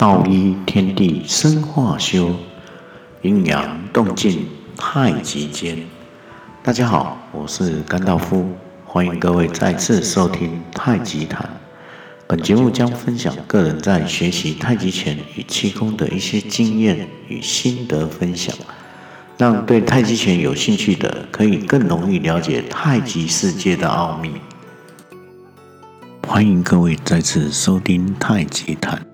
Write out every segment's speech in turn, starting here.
道一天地生化修，陰陽動靜太極間。大家好，我是甘道夫，歡迎各位再次收聽太極談。本節目將分享個人在學習太極拳與氣功的一些經驗與心得分享，讓對太極拳有興趣的可以更容易了解太極世界的奧秘。歡迎各位再次收聽太極談。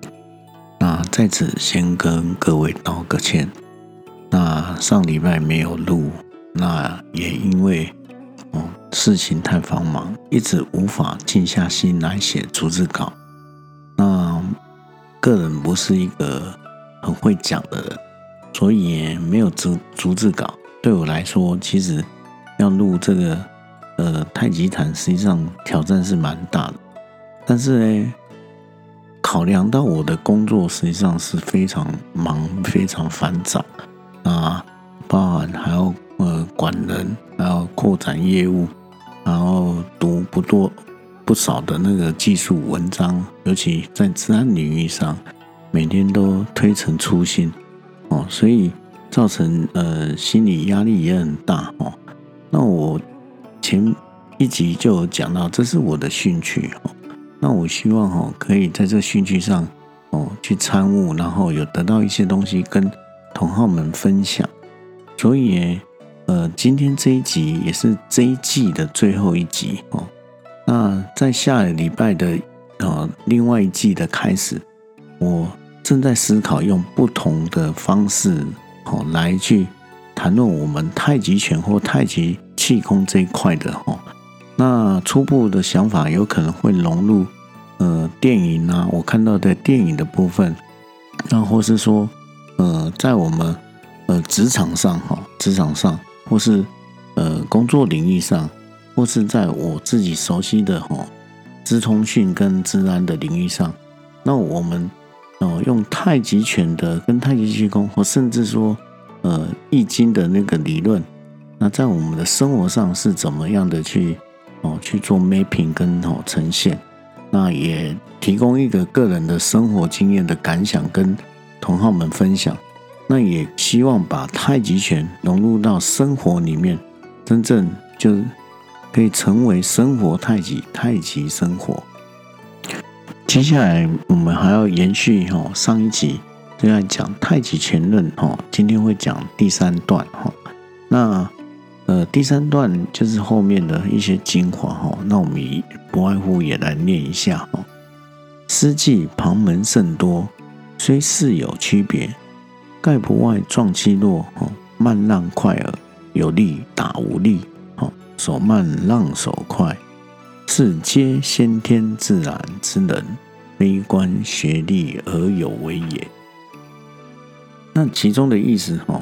那在此先跟各位道個歉。那上禮拜沒有錄，那也因為哦事情太繁忙，一直無法靜下心來寫逐字稿。那個人不是一個很會講的人，所以也沒有逐逐字稿。對我來說，其實要錄這個呃太極拳實際上挑戰是蠻大的。但是呢。考量到我的工作實際上是非常忙、非常繁雜啊，包含還要呃管人，還要擴展業務，然後讀不多不少的那個技術文章，尤其在治安領域上，每天都推陳出新哦，所以造成呃心理壓力也很大哦。那我前一集就有講到，這是我的興趣。哦那我希望哈，可以在這訊息上，哦，去參悟，然後有得到一些東西跟同好們分享。所以，呃，今天這一集也是這一季的最後一集哦。那在下禮拜的呃，另外一季的開始，我正在思考用不同的方式哦來去談論我們太極拳或太極氣功這一塊的哈。那初步的想法有可能會融入，呃，電影啊，我看到的電影的部分，那或是說，呃，在我們呃職場上哈，職場上，或是呃工作領域上，或是在我自己熟悉的哈、哦，資通訊跟資安的領域上，那我們哦、呃、用太極拳的跟太極氣功，或甚至說呃易經的那個理論，那在我們的生活上是怎麼樣的去哦，去做 mapping 跟哦呈現，那也提供一個個人的生活經驗的感想，跟同好們分享。那也希望把太極拳融入到生活裡面，真正就可以成為生活太極，太極生活。接下來我們還要延續哈上一集正在講太極拳論哈，今天會講第三段哈，那。呃，第三段就是後面的一些精華哈、哦，那我們不外乎也來念一下哈。斯、哦、技旁門甚多，雖勢有區別，蓋不外壯欺弱哦，慢讓快耳，有力打無力哦，手慢讓手快，是皆先天自然之能，非關學力而有為也。那其中的意思哈、哦，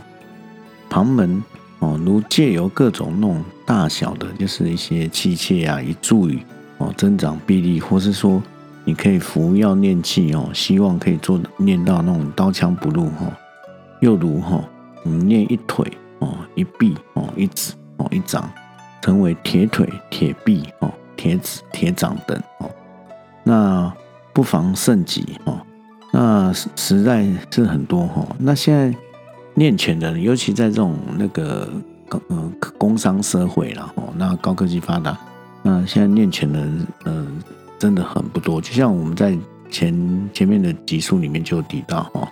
旁門。哦，如借由各種那種大小的，就是一些器械啊，以助於哦增長臂力，或是說你可以服藥練氣哦，希望可以做練到那種刀槍不入哈、哦。又如哈、哦，你練一腿哦，一臂哦，一指哦，一掌，成為鐵腿、鐵臂、哦鐵指、鐵掌等哦。那不妨慎己哈。那實在是很多哈、哦。那現在，練拳的人，尤其在這種那個工商社會啦哈，那高科技發達，那現在練拳的人嗯、呃，真的很不多。就像我們在前前面的集數裡面就有提到哈，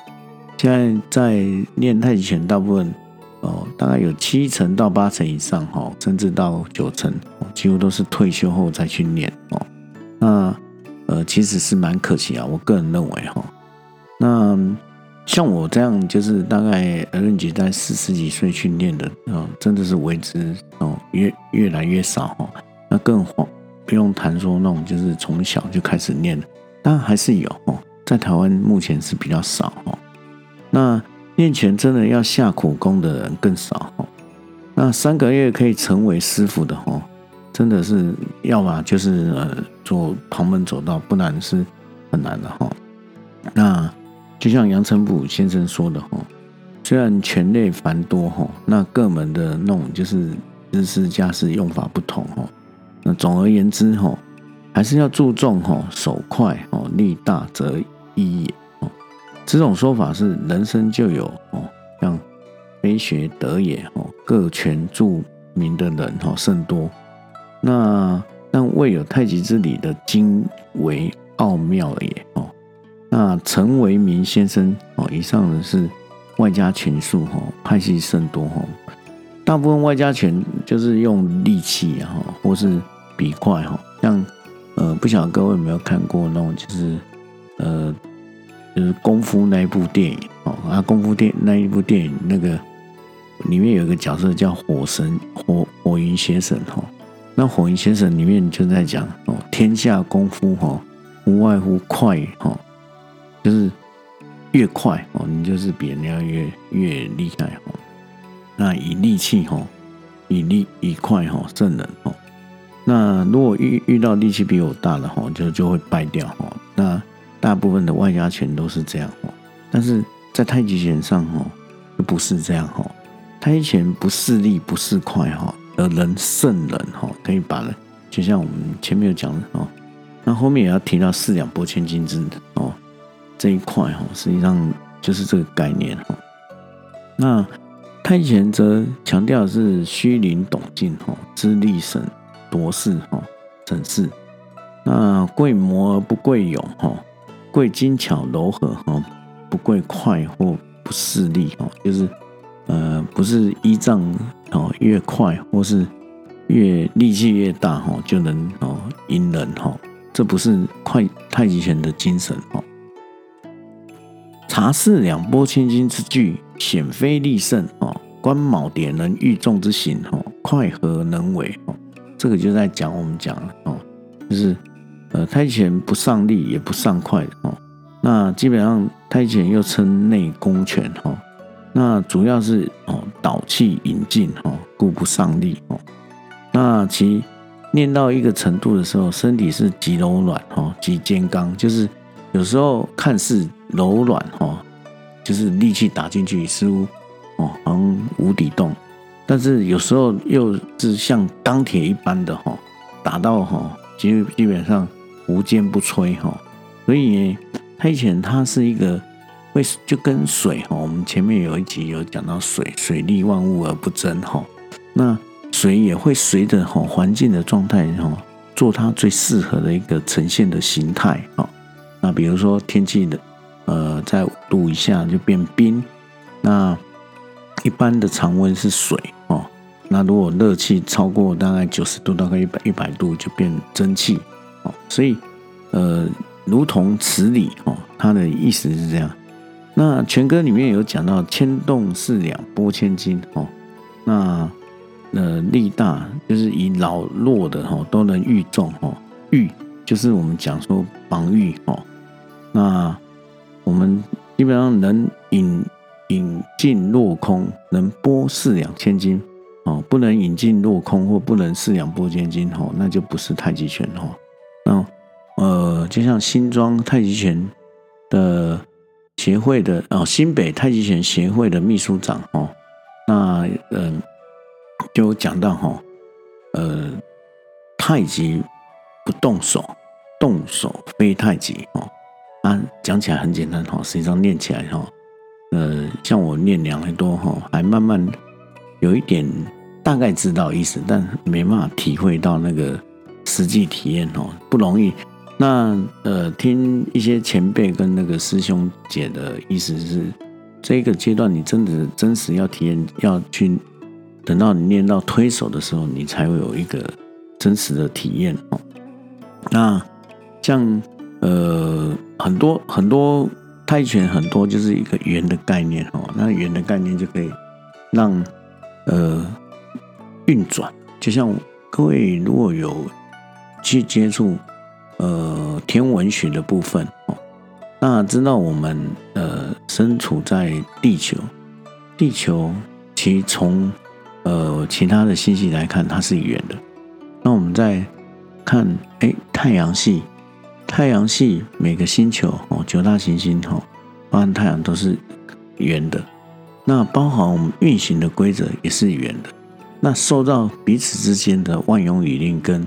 現在在練太極拳，大部分哦大概有七成到八成以上哈，甚至到九成，幾乎都是退休後再去練哦。那呃其實是蠻可惜啊，我個人認為哈、哦，那。像我這樣，就是大概年紀在十十幾歲訓練的，哦，真的是為之哦，越越來越少哈。那更不用談說那種就是從小就開始練的，當然還是有哦，在台灣目前是比較少哦。那練拳真的要下苦功的人更少。那三個月可以成為師傅的哦，真的是要麼就是呃做旁門左道，不然是很難的哈。那。就像楊澄甫先生說的哈，雖然拳類繁多哈，那各門的弄就是姿勢架勢、用法不同哈，那總而言之哈，還是要注重哈手快哦，力大則易也哦。這種說法是人生就有哦，像非學得也哦，各拳著名的人哈甚多，那但未有太極之理的精微奧妙也哦。那陳為民先生哦，以上的是外家拳術哈，派系甚多哈。大部分外家拳就是用力氣哈，或是比快哈。像呃，不曉得各位有沒有看過那種，就是呃，就是功夫那一部電影哦。啊，功夫電那一部電影那個裡面有一個角色叫火神火火云邪神哈。那火云邪神裡面就在講哦，天下功夫哈，無外乎快哈。就是越快哦，你就是比人家越越厲害哦。那以力氣吼，以力以快吼勝人哦。那如果遇遇到力氣比我大的吼，就就會敗掉哦。那大部分的外家拳都是這樣哦。但是在太極拳上吼，就不是這樣吼。太極拳不是力，不是快哈，而能勝人哈，可以把人。就像我們前面有講的哦，那後面也要提到四兩撥千斤之句。這一塊哈，實際上就是這個概念哈。那太極拳則強調的是虛靈懂勁哈，知力神、奪勢哈，省勢。那貴磨而不貴勇哈，貴精巧柔和哈，不貴快或不勢力哈，就是呃不是依仗哦越快或是越力氣越大哈就能哦贏人哈，這不是快太極拳的精神哈。察四兩撥千斤之句，顯非力勝哦。觀耄耋能禦眾之形，哦，快何能為哦？這個就在講我們講哦，就是呃太極拳不尚力也不尚快哦。那基本上太極拳又稱內功拳哦，那主要是哦導氣引勁哦，故不尚力哦。那其練到一個程度的時候，身體是極柔軟哦，極堅剛，就是有時候看似。柔軟哈，就是力氣打進去似乎哦，好像無底洞；但是有時候又是像鋼鐵一般的哈，打到哈，基基本上無堅不摧哈。所以黑錢它，它是一個會就跟水哈，我們前面有一集有講到水，水利萬物而不爭哈。那水也會隨着哈環境的狀態哈，做它最適合的一個呈現的形態哈。那比如說天氣的。呃，在五度以下就變冰，那一般的常溫是水哦。那如果熱氣超過大概九十度，度，大概一百一百度就變蒸汽哦。所以，呃，如同此理哦，它的意思是這樣。那拳歌裡面有講到牽動四兩撥千斤哦，那呃力大就是以老弱的哦都能禦眾哦，禦就是我們講說防禦哦，那。我們基本上能引引進落空，能撥四兩千斤，哦，不能引進落空或不能四兩撥千斤，哦，那就不是太極拳，哦，那呃，就像新莊太極拳的協會的，哦，新北太極拳協會的秘書長，哦，那嗯、呃，就講到，哦，呃，太極不動手，動手非太極，哦。啊，講起來很簡單哈，實際上練起來哈，呃，像我練兩年多哈，還慢慢有一點大概知道意思，但沒辦法體會到那個實際體驗哦，不容易。那呃，聽一些前輩跟那個師兄姐的意思是，這個階段你真的真實要體驗，要去等到你練到推手的時候，你才會有一個真實的體驗哦。那像。呃，很多很多太極拳，很多就是一個圓的概念哦。那圓的概念就可以讓呃運轉。就像各位如果有去接觸呃天文學的部分哦，那知道我們呃身處在地球，地球其實從呃其他的星系來看它是圓的。那我們再看哎太陽系。太陽系每個星球哦，九大行星哦，包含太陽都是圓的。那包含我們運行的規則也是圓的。那受到彼此之間的萬有引力跟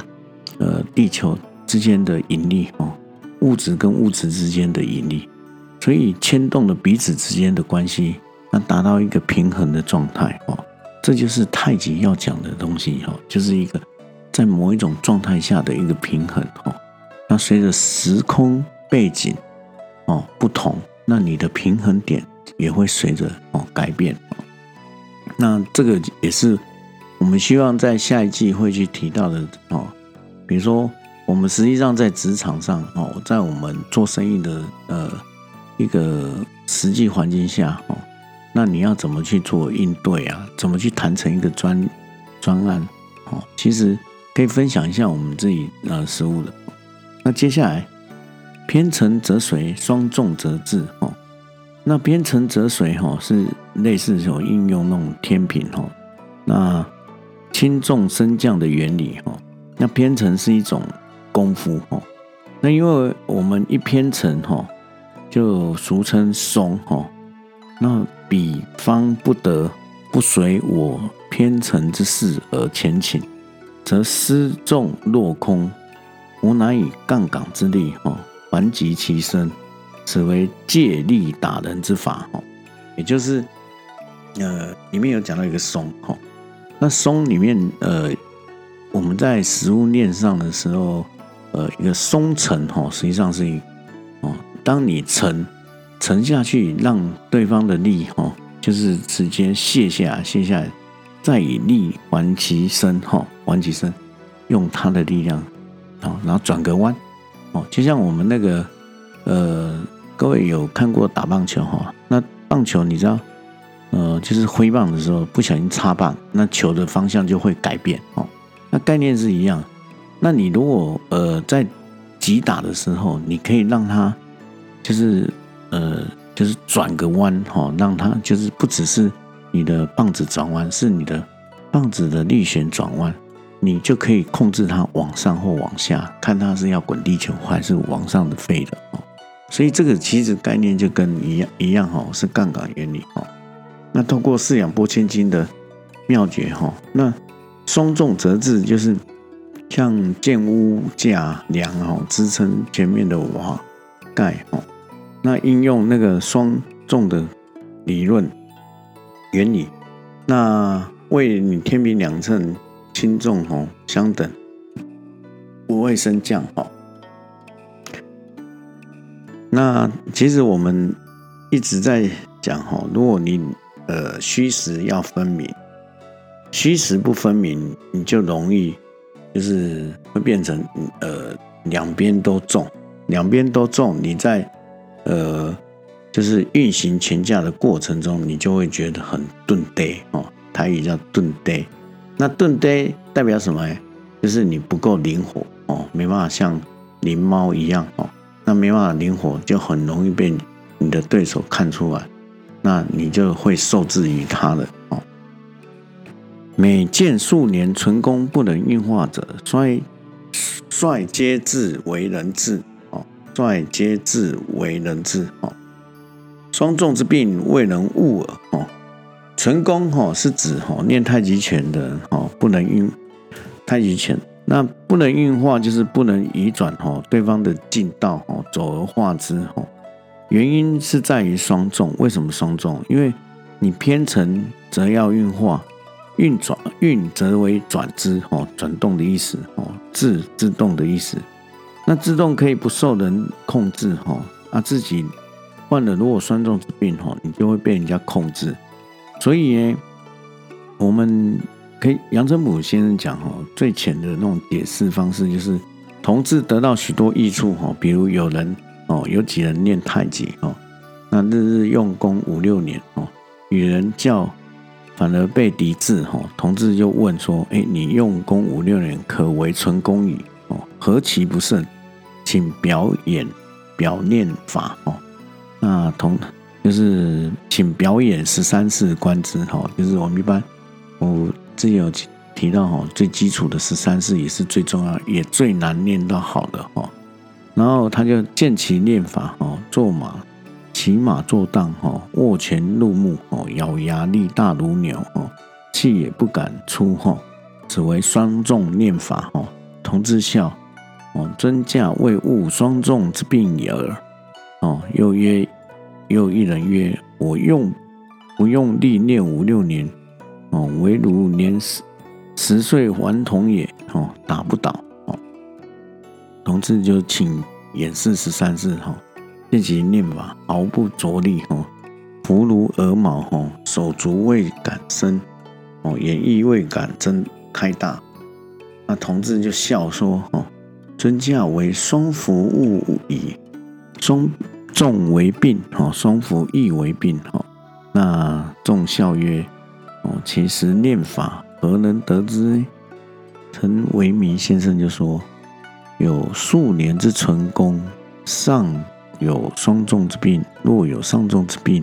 呃地球之間的引力哦，物質跟物質之間的引力，所以牽動了彼此之間的關係，那達到一個平衡的狀態哦。這就是太極要講的東西哦，就是一個在某一種狀態下的一個平衡哦。那隨着時空背景哦不同，那你的平衡點也會隨着哦改變哦。那這個也是我們希望在下一季會去提到的哦。比如說，我們實際上在職場上哦，在我們做生意的呃一個實際環境下哦，那你要怎麼去做應對啊？怎麼去談成一個專專案？哦，其實可以分享一下我們自己呃實務的。那接下來，偏沉則隨，雙重則滯。哦，那偏沉則隨，哈，是類似有應用那種天平，哈。那輕重升降的原理，哈。那偏沉是一種功夫，哈。那因為我們一偏沉，哈，就俗稱鬆，哈。那彼方不得不隨我偏沉之勢而前傾，則失重落空。吾乃以槓桿之力，吼還擊其身，此為借力打人之法，吼，也就是呃，裡面有講到一個鬆，吼、哦，那鬆裡面，呃，我們在食物鏈上的時候，呃，一個鬆沉，吼，實際上是一，哦，當你沉沉下去，讓對方的力，吼、哦，就是直接卸下，卸下，再以力還其身，吼、哦，還其身，用他的力量。哦，然後轉個彎，哦，就像我們那個，呃，各位有看過打棒球哈？那棒球你知道，呃，就是揮棒的時候不小心插棒，那球的方向就會改變。哦，那概念是一樣。那你如果呃在擊打的時候，你可以讓它就是呃就是轉個彎，哈，讓它就是不只是你的棒子轉彎，是你的棒子的力旋轉彎。你就可以控制它往上或往下，看它是要滾地球還是往上的飛的哦。所以這個棋子概念就跟一樣一樣哦，是槓桿原理哦。那透過四兩撥千斤的妙訣哈，那雙重折制就是像建屋架梁哦，支撐前面的瓦蓋哦。那應用那個雙重的理論原理，那為你天平兩稱。輕重哦相等，不會升降哈、哦。那其實我們一直在講哈、哦，如果你呃虛實要分明，虛實不分明，你就容易就是會變成呃兩邊都重，兩邊都重，你在呃就是運行前架的過程中，你就會覺得很頓呆哦，台語叫頓呆。那鈍呆代表什麼？就是你不夠靈活哦，沒辦法像靈貓一樣哦，那沒辦法靈活，就很容易被你的對手看出來，那你就會受制於他的哦。每見數年純功，不能運化者，率率皆自為人制哦，率皆自為人制哦，雙重之病未能悟耳哦。純功吼是指吼練太極拳的吼不能運太極拳。那不能運化就是不能移轉吼對方的勁道吼走而化之吼，原因是在於雙重。為什麼雙重？因為你偏沉則要運化。運轉運則為轉之吼轉動的意思哦，自自動的意思。那自動可以不受人控制吼，啊自己患了，如果雙重之病吼你就會被人家控制。所以，我們可以楊澄甫先生講哈，最淺的那種解釋方式就是，同志得到許多益處哈，比如有人哦，有幾人練太極哦，那日日用功五六年哦，與人較，反而被敵製哈。同志就問說，誒，你用功五六年可為純功矣哦，何其不勝？請表演表念法哦，那同。就是請表演十三式觀之哈，就是我們一般，我這有提到哈，最基礎的十三式也是最重要，也最難練到好的哈。然後他就見其練法哈，坐馬，騎馬坐盪哈，握拳入目哦，咬牙力大如牛哦，氣也不敢出哈，此為雙重練法哈，同志笑哦，尊駕未悟，雙重之病也哦，又曰。又一人曰：“我用不用力念五六年，哦，唯如年十十歲頑童也，哦，打不倒。哦，同志就請演示十三字，哈，自己念吧，毫不着力，哦，福如鵝毛，手足未敢伸，哦，眼亦未敢睜開大。那同志就笑說，尊駕為雙福物矣，中重為病，哈，雙福亦為病，哈。那重笑曰：“哦，其實念法何能得之？”陳微明先生就說：“有數年之成功，尚有雙重之病；若有雙重之病，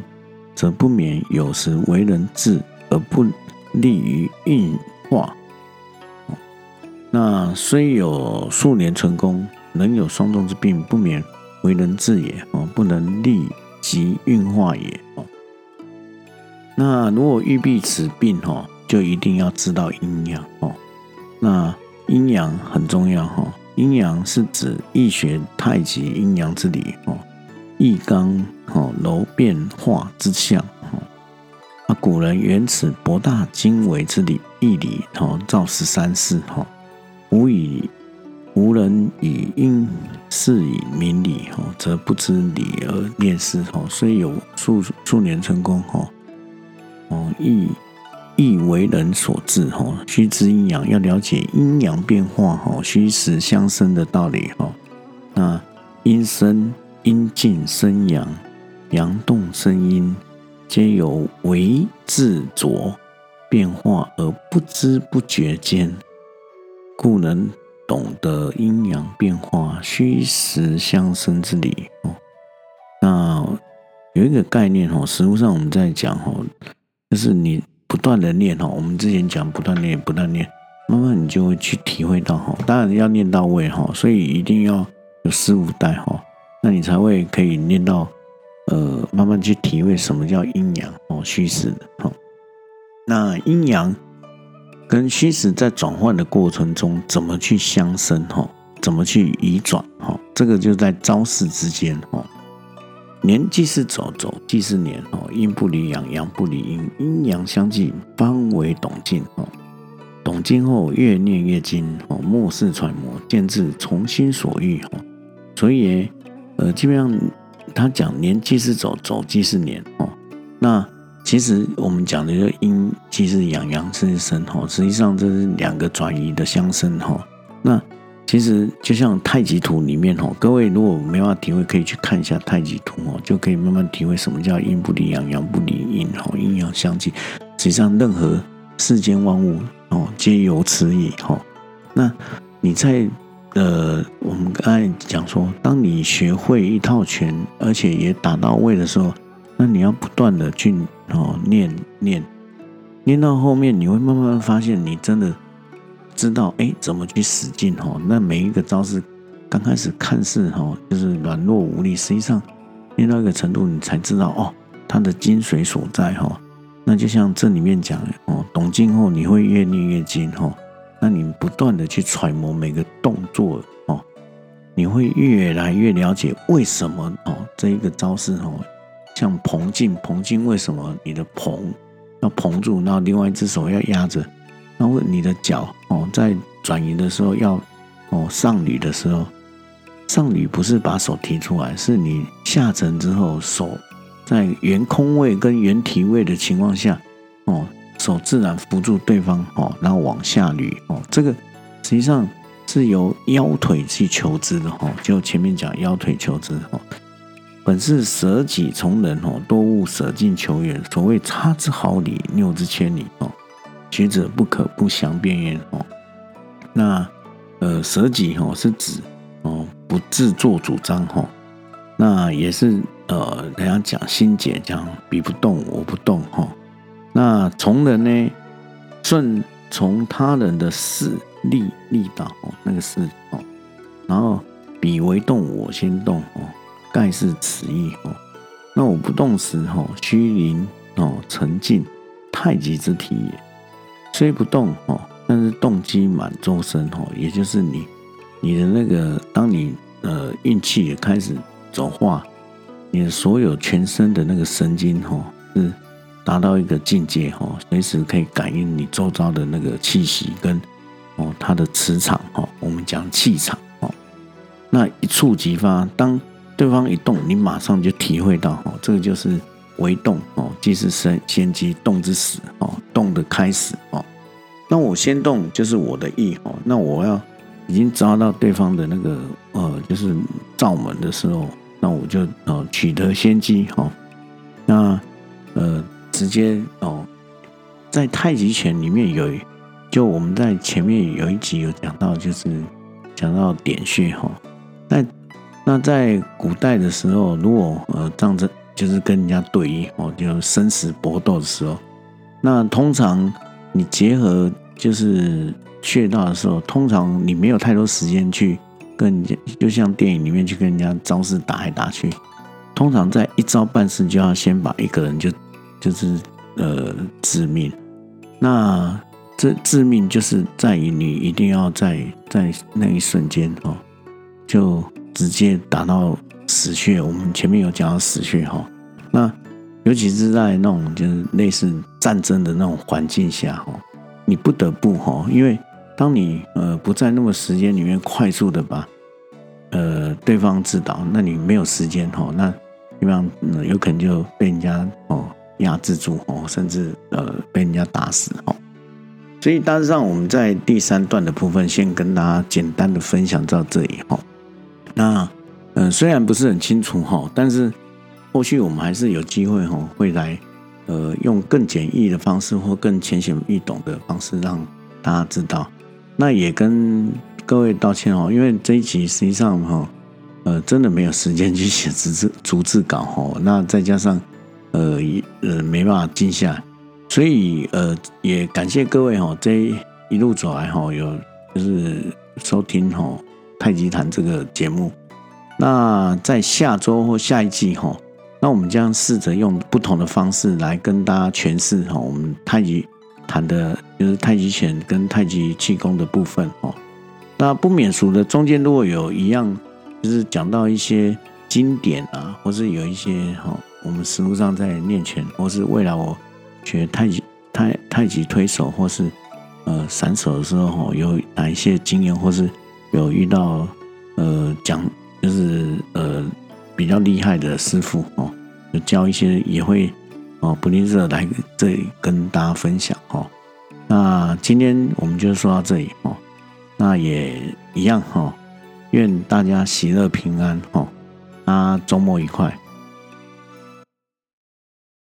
則不免有時為人制而不利於運化。那雖有數年成功，仍有雙重之病，不免。”為人制也，哦，不能立即運化也，哦。那如果欲避此病，哈，就一定要知道陰陽，哦。那陰陽很重要，哈。陰陽是指易學太極陰陽之理，易剛，哦，柔變化之象，古人原始博大精微之理，易理，造十三世，哈，無以。無人以因事以明理哈，則不知理而念事哈，雖有數數年純功哈，哦，亦亦為人所制哈。須知陰陽，要了解陰陽變化哈，虛實相生的道理哦。那陰生陰靜生陽，陽動生陰，皆由為自着變化而不知不覺間，故能。懂得陰陽變化，虛實相生之理哦。那有一個概念哦，實物上我們在講哦，就是你不斷的練哦，我們之前講不斷練，不斷練，慢慢你就會去體會到哦。當然要練到位哈，所以一定要有師傅帶哈，那你才會可以練到呃，慢慢去體會什麼叫陰陽哦，虛實的哈。那陰陽。跟虛實在轉換的過程中，怎麼去相生哈？怎麼去移轉哈？這個就在招式之間哈。粘既是走，走既是粘哈。陰不離陽，陽不離陰，陰陽相濟，方為懂勁哈。懂勁後越練越精哈，默識揣摩，漸至從心所欲哈。所以呃，基本上他講粘既是走，走既是粘哈。那其實我們講的就是陰即是陽，陽即是陰吼，實際上這是兩個轉移的相生吼。那其實就像太極圖裡面吼，各位如果沒辦法體會，可以去看一下太極圖哦，就可以慢慢體會什麼叫陰不離陽，陽，陽不離陰吼，陰陽相濟。實際上任何世間萬物哦，皆有此意吼。那你在呃，我們剛才講說，當你學會一套拳，而且也打到位的時候，那你要不斷的去。哦，念念念到後面，你會慢慢發現，你真的知道哎、欸，怎麼去使勁哦。那每一個招式，剛開始看似哈、哦，就是軟弱無力，實際上練到一個程度，你才知道哦，它的精髓所在哈、哦。那就像這裡面講哦，懂勁後，你會越練越精哈、哦。那你不斷地去揣摩每個動作哦，你會越來越了解為什麼哦，這一個招式哦。像掤勁，掤勁為什麼？你的掤要掤住，然後另外一隻手要壓着，然後你的腳哦，在轉移的時候要哦上捋的時候，上捋不是把手提出來，是你下沉之後手在原空位跟原體位的情況下哦，手自然扶住對方哦，然後往下捋哦，這個實際上是由腰腿去求之的哈，就前面講腰腿求之哈。本是捨己從人哦，多誤捨近求遠。所謂差之毫釐，謬之千里哦。學者不可不詳辨焉哦。那呃，捨己哦是指哦不自作主張哈、哦。那也是呃，人家講心解講，彼不動，我不動哈、哦。那從人呢，順從他人的勢利利導哦，那個勢哦，然後彼為動，我先動哦。蓋是此意哦，那我不動時哦，虛靈哦，沉靜太極之體也。雖不動哦，但是動機滿周身哦，也就是你你的那個，當你呃運氣也開始走化，你的所有全身的那個神經哦，是達到一個境界哦，隨時可以感應你周遭的那個氣息跟哦它的磁場哦，我們講氣場哦，那一觸即發，當。對方一動，你馬上就體會到哦，這個就是微動哦，即是先先機動之始哦，動的開始哦。那我先動就是我的意哦，那我要已經抓到對方的那個呃，就是罩門的時候，那我就哦取得先機哦。那呃，直接哦，在太極拳裡面有，就我們在前面有一集有講到，就是講到點穴哈，那、哦。那在古代的時候，如果呃這樣子，就是跟人家對弈哦，就生死搏鬥的時候，那通常你結合就是穴道的時候，通常你沒有太多時間去跟人家，就像電影裡面去跟人家招式打來打去。通常在一招半式就要先把一個人就就是呃致命。那這致、致命就是在於你一定要在在那一瞬間哦就。直接打到死穴，我們前面有講到死穴哈。那尤其是在那種就是類似戰爭的那種環境下哈，你不得不哈，因為當你呃不在那麼時間裡面快速的把呃對方制導，那你沒有時間哈，那基本上有可能就被人家哦壓制住哦，甚至呃被人家打死哦。所以，大致上我們在第三段的部分，先跟大家簡單的分享到這裡哈。那，嗯、呃，雖然不是很清楚哈，但是後續我們還是有機會哈，會來，呃，用更簡易的方式或更淺顯易懂的方式讓大家知道。那也跟各位道歉哦，因為這一集實際上哈，呃，真的沒有時間去寫逐字逐字稿哈。那再加上呃呃沒辦法靜下來，所以呃也感謝各位哈，這一，一路走來哈，有就是收聽哈。太極談這個節目，那在下周或下一季哈，那我們將試着用不同的方式來跟大家詮釋哈，我們太極談的，就是太極拳跟太極氣功的部分哦。那不免俗的中間，如果有一樣，就是講到一些經典啊，或是有一些哈，我們實務上在練拳，或是未來我學太極、太太極推手，或是呃散手的時候，有哪一些經驗，或是。有遇到，呃，講就是呃比較厲害的師傅哦，就教一些也會哦，不定時的來這裡跟大家分享哦。那今天我們就說到這裡哦，那也一樣哈、哦，願大家喜樂平安哦，啊，大家周末愉快。